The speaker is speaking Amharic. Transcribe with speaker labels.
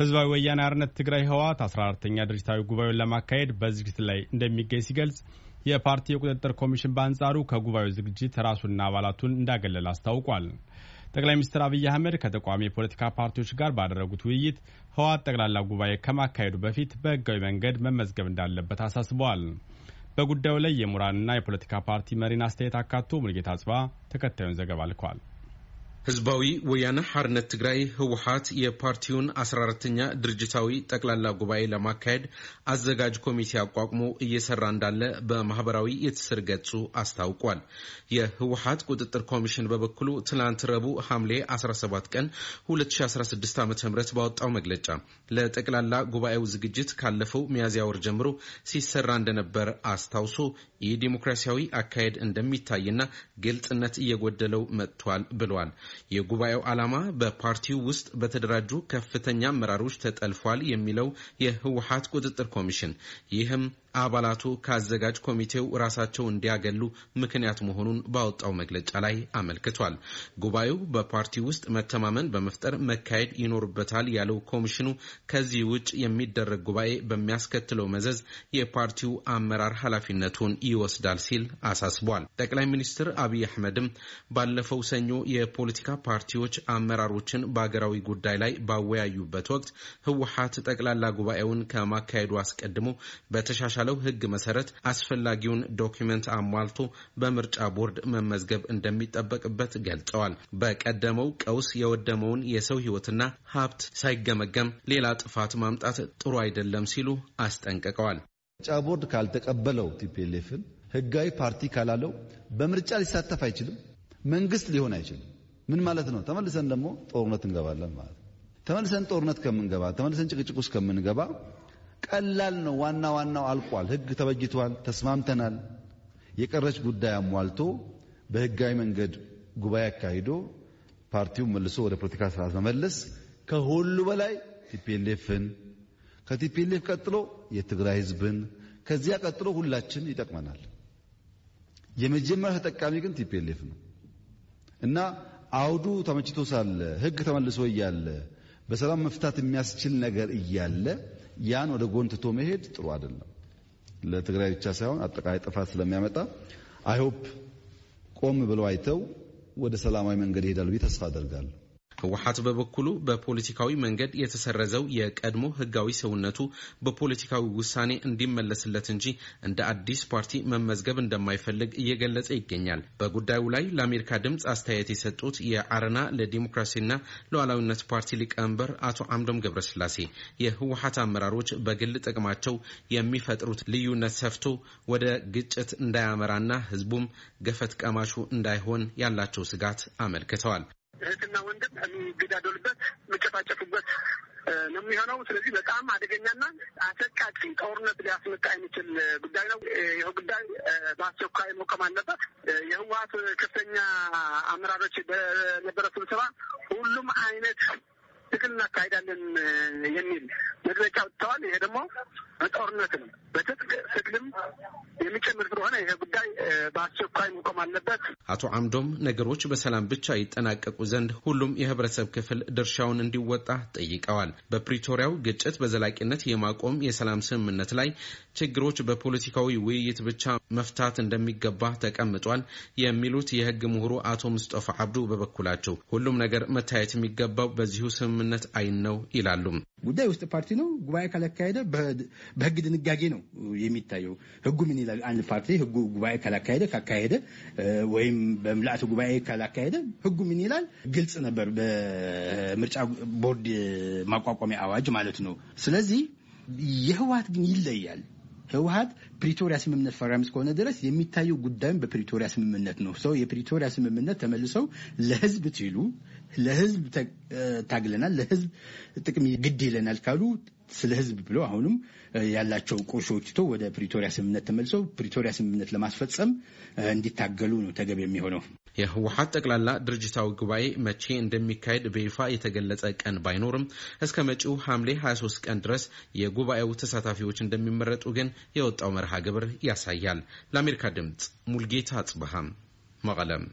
Speaker 1: ህዝባዊ ወያኔ አርነት ትግራይ ህወሓት 14ተኛ ድርጅታዊ ጉባኤውን ለማካሄድ በዝግጅት ላይ እንደሚገኝ ሲገልጽ የፓርቲ የቁጥጥር ኮሚሽን በአንጻሩ ከጉባኤው ዝግጅት ራሱና አባላቱን እንዳገለል አስታውቋል። ጠቅላይ ሚኒስትር አብይ አህመድ ከተቋሚ የፖለቲካ ፓርቲዎች ጋር ባደረጉት ውይይት ህወሓት ጠቅላላ ጉባኤ ከማካሄዱ በፊት በህጋዊ መንገድ መመዝገብ እንዳለበት አሳስበዋል። በጉዳዩ ላይ የምሁራንና የፖለቲካ ፓርቲ መሪን አስተያየት አካቶ ሙልጌታ አጽባ ተከታዩን ዘገባ ልኳል። ህዝባዊ ወያነ ሓርነት ትግራይ ህወሓት የፓርቲውን 14ተኛ ድርጅታዊ ጠቅላላ ጉባኤ ለማካሄድ አዘጋጅ ኮሚቴ አቋቁሞ እየሰራ እንዳለ በማህበራዊ የትስር ገጹ አስታውቋል። የህወሓት ቁጥጥር ኮሚሽን በበኩሉ ትናንት ረቡዕ ሐምሌ 17 ቀን 2016 ዓ ም ባወጣው መግለጫ ለጠቅላላ ጉባኤው ዝግጅት ካለፈው ሚያዝያ ወር ጀምሮ ሲሰራ እንደነበር አስታውሶ ይህ ዲሞክራሲያዊ አካሄድ እንደሚታይና ግልጽነት እየጎደለው መጥቷል ብሏል። የጉባኤው ዓላማ በፓርቲው ውስጥ በተደራጁ ከፍተኛ አመራሮች ተጠልፏል የሚለው የህወሀት ቁጥጥር ኮሚሽን ይህም አባላቱ ከአዘጋጅ ኮሚቴው ራሳቸው እንዲያገሉ ምክንያት መሆኑን ባወጣው መግለጫ ላይ አመልክቷል። ጉባኤው በፓርቲ ውስጥ መተማመን በመፍጠር መካሄድ ይኖርበታል ያለው ኮሚሽኑ ከዚህ ውጭ የሚደረግ ጉባኤ በሚያስከትለው መዘዝ የፓርቲው አመራር ኃላፊነቱን ይወስዳል ሲል አሳስቧል። ጠቅላይ ሚኒስትር አብይ አህመድም ባለፈው ሰኞ የፖለቲካ ፓርቲዎች አመራሮችን በአገራዊ ጉዳይ ላይ ባወያዩበት ወቅት ህወሀት ጠቅላላ ጉባኤውን ከማካሄዱ አስቀድሞ በተሻሻለ ባለው ሕግ መሰረት አስፈላጊውን ዶኪመንት አሟልቶ በምርጫ ቦርድ መመዝገብ እንደሚጠበቅበት ገልጸዋል። በቀደመው ቀውስ የወደመውን የሰው ሕይወትና ሀብት ሳይገመገም ሌላ ጥፋት ማምጣት ጥሩ አይደለም ሲሉ አስጠንቅቀዋል።
Speaker 2: ምርጫ ቦርድ ካልተቀበለው ቲፒኤልኤፍን ህጋዊ ፓርቲ ካላለው በምርጫ ሊሳተፍ አይችልም፣ መንግስት ሊሆን አይችልም። ምን ማለት ነው? ተመልሰን ደግሞ ጦርነት እንገባለን ማለት ነው። ተመልሰን ጦርነት ከምንገባ ተመልሰን ጭቅጭቅ ውስጥ ከምንገባ ቀላል ነው። ዋና ዋናው አልቋል። ህግ ተበጅቷል። ተስማምተናል። የቀረች ጉዳይ አሟልቶ በህጋዊ መንገድ ጉባኤ አካሂዶ ፓርቲው መልሶ ወደ ፖለቲካ ስርዓት መመለስ ከሁሉ በላይ ቲፒኤልኤፍን ከቲፒኤልኤፍ ቀጥሎ የትግራይ ህዝብን ከዚያ ቀጥሎ ሁላችን ይጠቅመናል። የመጀመሪያ ተጠቃሚ ግን ቲፒኤልኤፍ ነው እና አውዱ ተመችቶ ሳለ ህግ ተመልሶ እያለ በሰላም መፍታት የሚያስችል ነገር እያለ ያን ወደ ጎን ትቶ መሄድ ጥሩ አይደለም። ለትግራይ ብቻ ሳይሆን አጠቃላይ ጥፋት ስለሚያመጣ አይሆፕ ቆም ብለው አይተው ወደ ሰላማዊ መንገድ ይሄዳሉ ብዬ ተስፋ አደርጋለሁ። ህወሀት
Speaker 1: በበኩሉ በፖለቲካዊ መንገድ የተሰረዘው የቀድሞ ህጋዊ ሰውነቱ በፖለቲካዊ ውሳኔ እንዲመለስለት እንጂ እንደ አዲስ ፓርቲ መመዝገብ እንደማይፈልግ እየገለጸ ይገኛል። በጉዳዩ ላይ ለአሜሪካ ድምፅ አስተያየት የሰጡት የአረና ለዲሞክራሲና ለዋላዊነት ፓርቲ ሊቀመንበር አቶ አምዶም ገብረስላሴ የህወሀት አመራሮች በግል ጥቅማቸው የሚፈጥሩት ልዩነት ሰፍቶ ወደ ግጭት እንዳያመራና ህዝቡም ገፈት ቀማሹ እንዳይሆን ያላቸው ስጋት አመልክተዋል። እህትና ወንድም የሚገዳደሉበት የሚጨፋጨፉበት ነው የሚሆነው። ስለዚህ በጣም አደገኛና አሰቃቂ ጦርነት ሊያስመጣ የሚችል ጉዳይ ነው። ይህ ጉዳይ በአስቸኳይ መቆም አለበት። የህወሀት ከፍተኛ አመራሮች
Speaker 2: በነበረ ስብሰባ ሁሉም አይነት ትግል እናካሄዳለን የሚል መግለጫ ወጥተዋል። ይሄ ደግሞ በጦርነት ነው በትጥቅ ትግልም የሚጨምር ስለሆነ ይሄ ጉዳይ በአስቸኳይ መቆም
Speaker 1: አለበት። አቶ አምዶም ነገሮች በሰላም ብቻ ይጠናቀቁ ዘንድ ሁሉም የህብረተሰብ ክፍል ድርሻውን እንዲወጣ ጠይቀዋል። በፕሪቶሪያው ግጭት በዘላቂነት የማቆም የሰላም ስምምነት ላይ ችግሮች በፖለቲካዊ ውይይት ብቻ መፍታት እንደሚገባ ተቀምጧል የሚሉት የህግ ምሁሩ አቶ ሙስጠፋ አብዱ በበኩላቸው ሁሉም ነገር መታየት የሚገባው በዚሁ ስምምነት አይን ነው ይላሉ።
Speaker 3: ጉዳይ ውስጥ ፓርቲ ነው። ጉባኤ ካላካሄደ በህግ ድንጋጌ ነው የሚታየው። ህጉ ምን ይላል? አንድ ፓርቲ ህጉ ጉባኤ ካላካሄደ ካካሄደ ወይም ወይም በምልአተ ጉባኤ ካላካሄደ ህጉ ምን ይላል? ግልጽ ነበር፣ በምርጫ ቦርድ ማቋቋሚያ አዋጅ ማለት ነው። ስለዚህ የህወሀት ግን ይለያል። ህወሀት ፕሪቶሪያ ስምምነት ፈራሚ እስከሆነ ድረስ የሚታየው ጉዳዩም በፕሪቶሪያ ስምምነት ነው። ሰው የፕሪቶሪያ ስምምነት ተመልሰው ለህዝብ ሲሉ ለህዝብ ታግለናል፣ ለህዝብ ጥቅም ግድ ይለናል ካሉ ስለ ህዝብ ብለው አሁንም ያላቸው ቁርሾች ትቶ ወደ ፕሪቶሪያ ስምምነት ተመልሰው ፕሪቶሪያ ስምምነት ለማስፈጸም እንዲታገሉ ነው ተገቢ የሚሆነው።
Speaker 1: የህወሀት ጠቅላላ ድርጅታዊ ጉባኤ መቼ እንደሚካሄድ በይፋ የተገለጸ ቀን ባይኖርም እስከ መጪው ሐምሌ 23 ቀን ድረስ የጉባኤው ተሳታፊዎች እንደሚመረጡ ግን የወጣው መርሃ ግብር ያሳያል። ለአሜሪካ ድምፅ ሙልጌታ አጽብሃም መቀለም